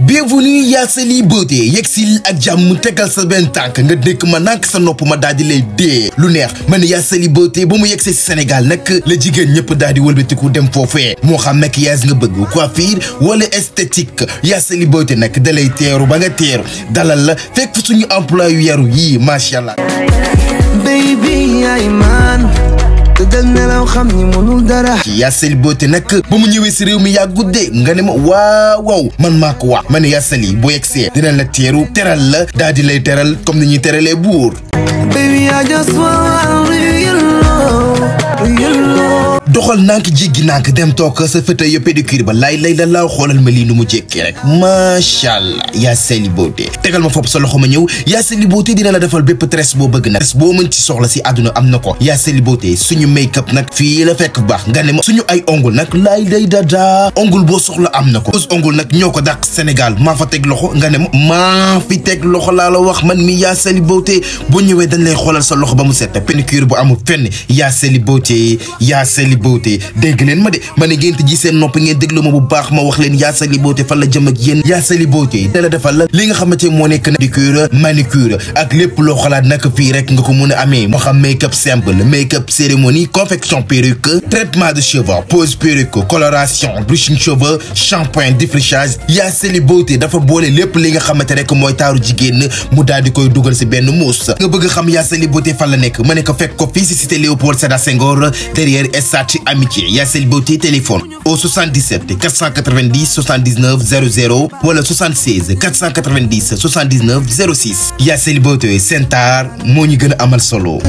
Bienvenue Yaceli Beauté yegsil ak jàmm tegal sa benn tànk nga dëkk ma nànk sa noppu ma daal di lay dee lu neex man Yaceli Beauté ba mu yegsee si Sénégal nag la jigéen ñëpp daal di wëlbatiku dem foofee moo xam maquillage nga bëgg coiffure wala esthétique Yaceli Beauté nag da lay teeru ba nga teeru dalal la fekk suñu employé yaru yii macha allah. tëddal nelaw xam ni mënul dara Yassel Beauté nag ba mu ñëwee si réew mi yaa guddee nga ne ma waaw waaw man maa ko wax ma ne Yassel yi bu yegsee dina la teeru teral la daal di lay teral comme ni ñuy teralee buur doxal nànk jéggi nànk dem toog sa fauteuil ya pédicure ba laay lay la laaw xoolal ma lii nu mu jékkee rek macha allah yaa Seli Beauté tegal ma fopp sa loxo ma ñëw yaa Seli Beauté dina la defal bépp tresse boo bëgg nag boo mën ci soxla si àdduna am na ko yaa Seli Beauté suñu make-up nag fii la fekk baax nga ne ma suñu ay ongul nag laay lay da daa ongul boo soxla am na ko pose ongul nag ñëw ko daq senegal maa fa teg loxo nga ne ma maa fi teg loxo laa la wax man mi yaa Seli boote boo ñëwee dañ lay xoolal sa loxo ba mu set pédicure bu amul fenn yaa Seli Beauté yaa Seli Beauté dégg leen ma de ma ne ngeen tijji seen nopp ngeen déglu ma bu baax ma wax leen Yaa Sali Beauté jëm ak yéen Yaa Sali Beauté da la defal la li nga xamante moo nekk pédicure a jigéen mu daal koy dugal si benn muus nga bëgg xam Yaa Sali Beauté nekk ma ne ko fekk ko fii si cité Léopold Sédar Senghor derrière stade marché amitié Yacel Beauté téléphone au 77 490 79 00 wala 76 490 79 06 Yacel Beauté seen taar moo ñu gën a amal solo.